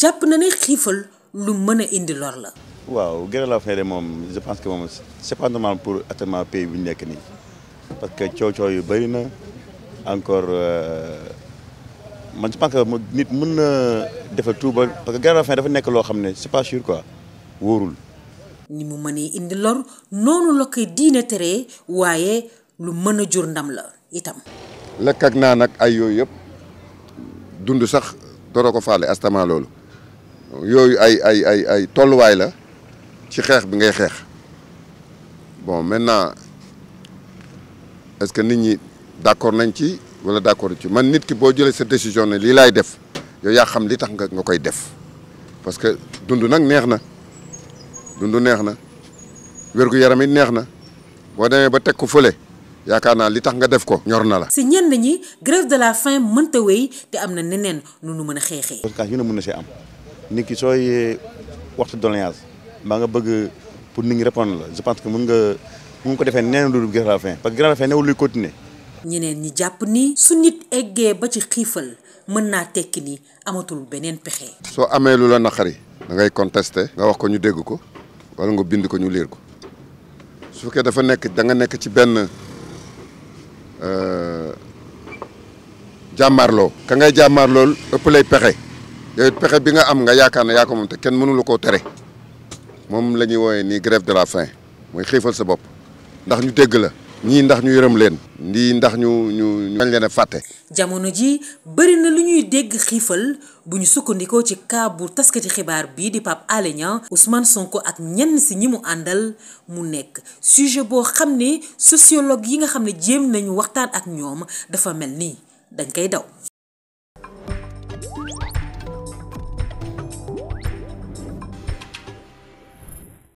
jàpp na ne xiifal lu mën a indi lor la. waaw grève de moom je pense que moom c'est pour actuellement pays bu ñu nekk nii parce que coow coow yu bëri na encore euh, man je pense que nit mën na defal tout parce que grève dafa nekk loo xam ne c'est pas sûr quoi wóorul. ni mu mënee indi lor noonu la diine teree waaye. lu mën a jur ndam la itam. lekk ak naan ak ay yooyu yëpp dund sax doroo ko faale astama loolu yooyu ay ay ay ay tolluwaay la ci xeex bi ngay xeex bon maintenant est-ce que nit ñi d'accord nañ ci wala d'accord ci man nit ki boo jëlee sa décision ne lii laay def yow yaa xam li tax nga nga koy def parce que dund nag neex na dund neex na wér-gu-yaram it neex na boo demee ba teg ko fële. yaakaar naa li tax nga def ko ñor na la si ñenn ñi grève de la faim mënta wéy te am na neneen nu nu mën a xeexee conséquence yu ne mën na see am nit ki sooy eh, waxtu doléance mbaa nga bëgg pour nit ñi répondre la je pense que mën nga mën ko defee neneen lu grève de la faim parce que grève de la faim newul luy continuer ñeneen ñi jàpp ni su nit eggee ba ci xiifal mën naa tekki ni amatul beneen pexe soo amee lu la naqari da ngay contester nga wax ko ñu dégg ko wala nga bind ko ñu liir ko su fekkee dafa nekk da nga nekk ci benn Euh, jàmmaarloo ka ngay jàmmaarlool ëpp lay pexe yooyu pexe bi nga am nga yaakaar ne yaa ko moom te kenn mënu ko tere moom la ñuy wooyee nii grève de la fin mooy xiifal sa bopp ndax ñu dégg la ñii ndax ñu yërëm leen lii ndax ñu ñu ñu dañ leen a fàtte jamono ji bëri na lu ñuy dégg xiifal bu ñu sukkandikoo ci cas bu taskati xibaar bii di Pape Alé Niang Ousmane Sonko ak ñenn si ñi mu àndal mu nekk sujet boo xam ne sociologue yi nga xam ne jéem nañu waxtaan ak ñoom dafa mel nii dañ koy daw